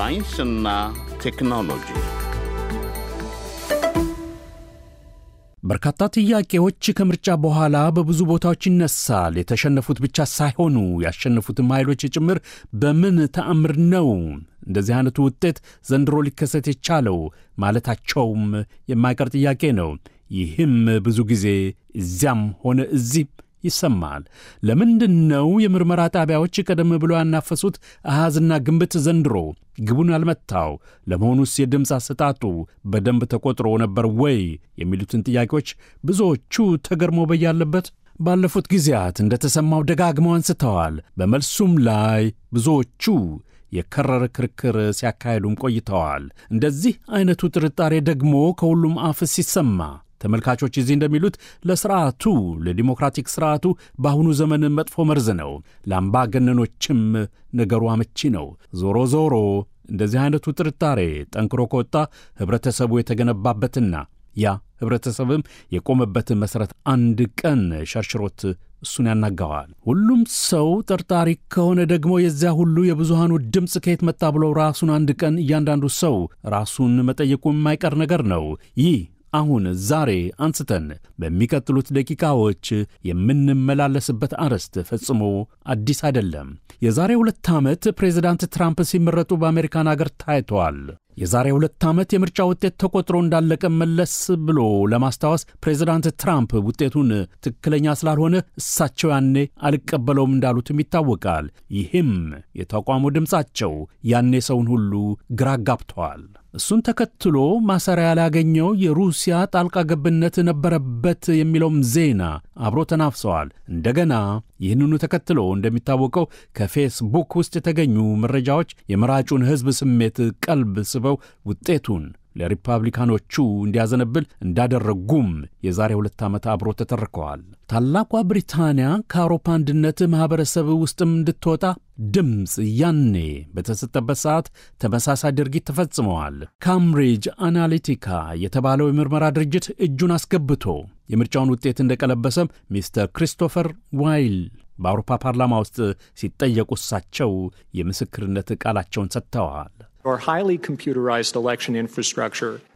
ሳይንስና ቴክኖሎጂ በርካታ ጥያቄዎች ከምርጫ በኋላ በብዙ ቦታዎች ይነሳል። የተሸነፉት ብቻ ሳይሆኑ ያሸነፉትም ኃይሎች ጭምር በምን ተአምር ነው እንደዚህ አይነቱ ውጤት ዘንድሮ ሊከሰት የቻለው ማለታቸውም የማይቀር ጥያቄ ነው። ይህም ብዙ ጊዜ እዚያም ሆነ እዚህ ይሰማል። ለምንድን ነው የምርመራ ጣቢያዎች ቀደም ብሎ ያናፈሱት አሃዝና ግንብት ዘንድሮ ግቡን ያልመታው? ለመሆኑስ የድምፅ አሰጣጡ በደንብ ተቆጥሮ ነበር ወይ? የሚሉትን ጥያቄዎች ብዙዎቹ ተገርሞ በያለበት ባለፉት ጊዜያት እንደተሰማው ደጋግመው አንስተዋል። በመልሱም ላይ ብዙዎቹ የከረረ ክርክር ሲያካሄዱም ቆይተዋል። እንደዚህ አይነቱ ጥርጣሬ ደግሞ ከሁሉም አፍ ሲሰማ ተመልካቾች እዚህ እንደሚሉት ለስርዓቱ ለዲሞክራቲክ ስርዓቱ በአሁኑ ዘመን መጥፎ መርዝ ነው፣ ለአምባገነኖችም ነገሩ አመቺ ነው። ዞሮ ዞሮ እንደዚህ አይነቱ ጥርጣሬ ጠንክሮ ከወጣ ህብረተሰቡ የተገነባበትና ያ ህብረተሰብም የቆመበት መሠረት አንድ ቀን ሸርሽሮት እሱን ያናጋዋል። ሁሉም ሰው ጠርጣሪ ከሆነ ደግሞ የዚያ ሁሉ የብዙሃኑ ድምፅ ከየት መጣ ብሎ ራሱን አንድ ቀን እያንዳንዱ ሰው ራሱን መጠየቁ የማይቀር ነገር ነው። ይህ አሁን ዛሬ አንስተን በሚቀጥሉት ደቂቃዎች የምንመላለስበት አርዕስት ፈጽሞ አዲስ አይደለም። የዛሬ ሁለት ዓመት ፕሬዚዳንት ትራምፕ ሲመረጡ በአሜሪካን አገር ታይተዋል። የዛሬ ሁለት ዓመት የምርጫ ውጤት ተቆጥሮ እንዳለቀ መለስ ብሎ ለማስታወስ ፕሬዚዳንት ትራምፕ ውጤቱን ትክክለኛ ስላልሆነ እሳቸው ያኔ አልቀበለውም እንዳሉትም ይታወቃል። ይህም የተቋሙ ድምፃቸው ያኔ ሰውን ሁሉ ግራ ጋብተዋል። እሱን ተከትሎ ማሰሪያ ላያገኘው የሩሲያ ጣልቃ ገብነት ነበረበት የሚለውም ዜና አብሮ ተናፍሰዋል። እንደገና ይህንኑ ተከትሎ እንደሚታወቀው ከፌስቡክ ውስጥ የተገኙ መረጃዎች የመራጩን ሕዝብ ስሜት ቀልብ ስበው ውጤቱን ለሪፐብሊካኖቹ እንዲያዘነብል እንዳደረጉም የዛሬ ሁለት ዓመት አብሮ ተተርከዋል። ታላቋ ብሪታንያ ከአውሮፓ አንድነት ማኅበረሰብ ውስጥም እንድትወጣ ድምፅ ያኔ በተሰጠበት ሰዓት ተመሳሳይ ድርጊት ተፈጽመዋል። ካምብሪጅ አናሊቲካ የተባለው የምርመራ ድርጅት እጁን አስገብቶ የምርጫውን ውጤት እንደቀለበሰ ሚስተር ክሪስቶፈር ዋይል በአውሮፓ ፓርላማ ውስጥ ሲጠየቁ እሳቸው የምስክርነት ቃላቸውን ሰጥተዋል።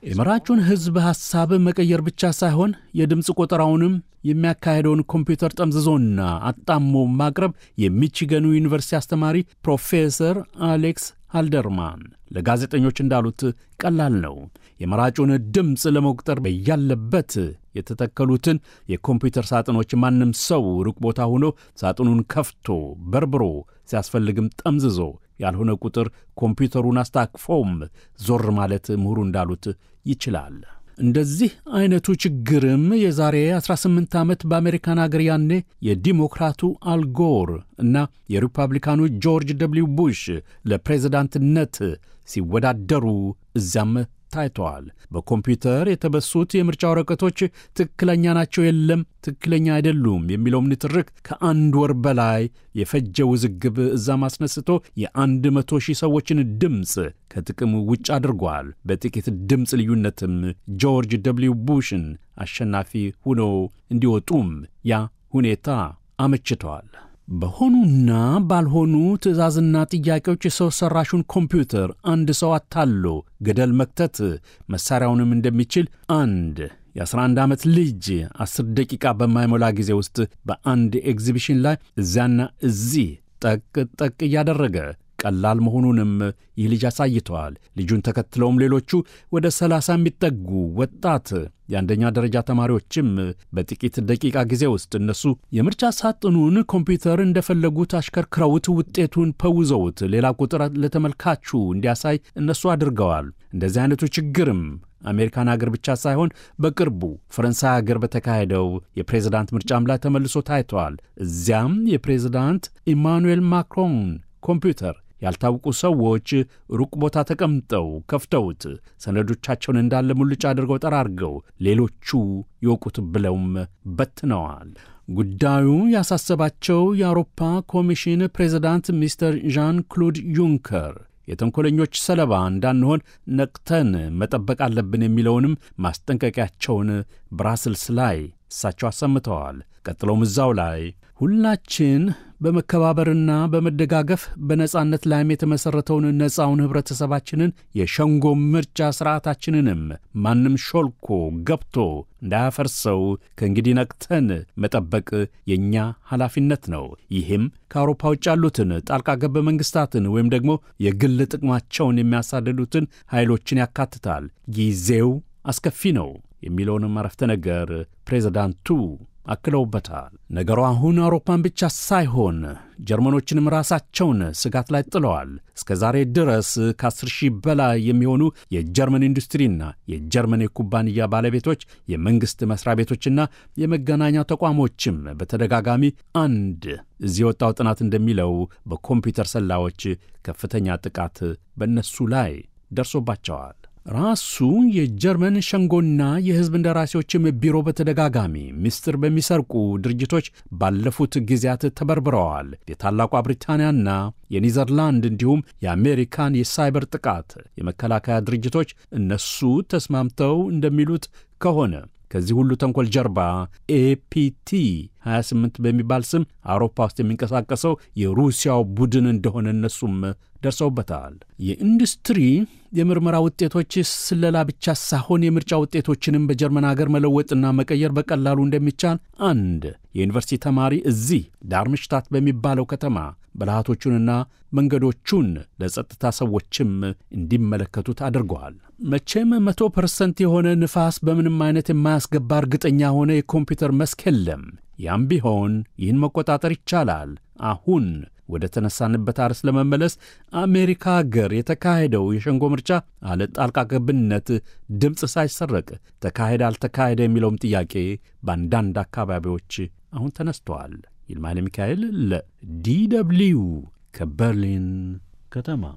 የመራጩን ሕዝብ ሐሳብ መቀየር ብቻ ሳይሆን የድምፅ ቆጠራውንም የሚያካሄደውን ኮምፒውተር ጠምዝዞና አጣሞ ማቅረብ የሚችገኑ ዩኒቨርሲቲ አስተማሪ ፕሮፌሰር አሌክስ አልደርማን ለጋዜጠኞች እንዳሉት ቀላል ነው። የመራጩን ድምፅ ለመቁጠር በያለበት የተተከሉትን የኮምፒውተር ሳጥኖች ማንም ሰው ሩቅ ቦታ ሆኖ ሳጥኑን ከፍቶ በርብሮ ሲያስፈልግም ጠምዝዞ ያልሆነ ቁጥር ኮምፒውተሩን አስታቅፎም ዞር ማለት ምሁሩ እንዳሉት ይችላል። እንደዚህ አይነቱ ችግርም የዛሬ 18 ዓመት በአሜሪካን አገር ያኔ የዲሞክራቱ አልጎር እና የሪፐብሊካኑ ጆርጅ ደብሊው ቡሽ ለፕሬዝዳንትነት ሲወዳደሩ እዚያም ታይተዋል። በኮምፒውተር የተበሱት የምርጫ ወረቀቶች ትክክለኛ ናቸው፣ የለም ትክክለኛ አይደሉም የሚለውም ንትርክ ከአንድ ወር በላይ የፈጀ ውዝግብ እዛም አስነስቶ የአንድ መቶ ሺህ ሰዎችን ድምፅ ከጥቅም ውጭ አድርጓል። በጥቂት ድምፅ ልዩነትም ጆርጅ ደብሊው ቡሽን አሸናፊ ሆነው እንዲወጡም ያ ሁኔታ አመችተዋል። በሆኑና ባልሆኑ ትዕዛዝና ጥያቄዎች የሰው ሠራሹን ኮምፒውተር አንድ ሰው አታሎ ገደል መክተት መሣሪያውንም እንደሚችል አንድ የ11 ዓመት ልጅ 10 ደቂቃ በማይሞላ ጊዜ ውስጥ በአንድ ኤግዚቢሽን ላይ እዚያና እዚህ ጠቅ ጠቅ እያደረገ ቀላል መሆኑንም ይህ ልጅ አሳይተዋል። ልጁን ተከትለውም ሌሎቹ ወደ ሰላሳ የሚጠጉ ወጣት የአንደኛ ደረጃ ተማሪዎችም በጥቂት ደቂቃ ጊዜ ውስጥ እነሱ የምርጫ ሳጥኑን ኮምፒውተር እንደፈለጉት አሽከርክረውት ውጤቱን ፐውዘውት ሌላ ቁጥር ለተመልካቹ እንዲያሳይ እነሱ አድርገዋል። እንደዚህ አይነቱ ችግርም አሜሪካን ሀገር ብቻ ሳይሆን በቅርቡ ፈረንሳይ ሀገር በተካሄደው የፕሬዝዳንት ምርጫም ላይ ተመልሶ ታይተዋል። እዚያም የፕሬዝዳንት ኢማኑኤል ማክሮን ኮምፒውተር ያልታወቁ ሰዎች ሩቅ ቦታ ተቀምጠው ከፍተውት ሰነዶቻቸውን እንዳለ ሙልጭ አድርገው ጠራርገው ሌሎቹ ይወቁት ብለውም በትነዋል። ጉዳዩ ያሳሰባቸው የአውሮፓ ኮሚሽን ፕሬዚዳንት ሚስተር ዣን ክሉድ ዩንከር የተንኮለኞች ሰለባ እንዳንሆን ነቅተን መጠበቅ አለብን የሚለውንም ማስጠንቀቂያቸውን ብራስልስ ላይ እሳቸው አሰምተዋል። ቀጥለውም እዛው ላይ ሁላችን በመከባበርና በመደጋገፍ በነጻነት ላይም የተመሠረተውን ነፃውን ኅብረተሰባችንን የሸንጎ ምርጫ ሥርዓታችንንም ማንም ሾልኮ ገብቶ እንዳያፈርሰው ከእንግዲህ ነቅተን መጠበቅ የእኛ ኃላፊነት ነው። ይህም ከአውሮፓ ውጭ ያሉትን ጣልቃ ገብ መንግሥታትን ወይም ደግሞ የግል ጥቅማቸውን የሚያሳድዱትን ኃይሎችን ያካትታል። ጊዜው አስከፊ ነው የሚለውንም አረፍተ ነገር ፕሬዚዳንቱ አክለውበታል። ነገሩ አሁን አውሮፓን ብቻ ሳይሆን ጀርመኖችንም ራሳቸውን ስጋት ላይ ጥለዋል። እስከ ዛሬ ድረስ ከ10 ሺህ በላይ የሚሆኑ የጀርመን ኢንዱስትሪና የጀርመን የኩባንያ ባለቤቶች፣ የመንግሥት መሥሪያ ቤቶችና የመገናኛ ተቋሞችም በተደጋጋሚ አንድ እዚህ የወጣው ጥናት እንደሚለው በኮምፒውተር ሰላዎች ከፍተኛ ጥቃት በእነሱ ላይ ደርሶባቸዋል። ራሱ የጀርመን ሸንጎና የሕዝብ እንደራሴዎችም ቢሮ በተደጋጋሚ ምስጢር በሚሰርቁ ድርጅቶች ባለፉት ጊዜያት ተበርብረዋል። የታላቋ ብሪታንያና የኒዘርላንድ እንዲሁም የአሜሪካን የሳይበር ጥቃት የመከላከያ ድርጅቶች እነሱ ተስማምተው እንደሚሉት ከሆነ ከዚህ ሁሉ ተንኮል ጀርባ ኤፒቲ 28 በሚባል ስም አውሮፓ ውስጥ የሚንቀሳቀሰው የሩሲያው ቡድን እንደሆነ እነሱም ደርሰውበታል። የኢንዱስትሪ የምርመራ ውጤቶች ስለላ ብቻ ሳይሆን የምርጫ ውጤቶችንም በጀርመን አገር መለወጥና መቀየር በቀላሉ እንደሚቻል አንድ የዩኒቨርሲቲ ተማሪ እዚህ ዳርምሽታት በሚባለው ከተማ ብልሃቶቹንና መንገዶቹን ለጸጥታ ሰዎችም እንዲመለከቱት አድርገዋል። መቼም መቶ ፐርሰንት የሆነ ንፋስ በምንም አይነት የማያስገባ እርግጠኛ ሆነ የኮምፒውተር መስክ የለም። ያም ቢሆን ይህን መቆጣጠር ይቻላል። አሁን ወደ ተነሳንበት አርስ ለመመለስ አሜሪካ አገር የተካሄደው የሸንጎ ምርጫ አለ ጣልቃ ገብነት ድምፅ ሳይሰረቅ ተካሄደ አልተካሄደ የሚለውም ጥያቄ በአንዳንድ አካባቢዎች አሁን ተነስተዋል። ይልማይለ ሚካኤል ለዲ ደብልዩ ከበርሊን ከተማ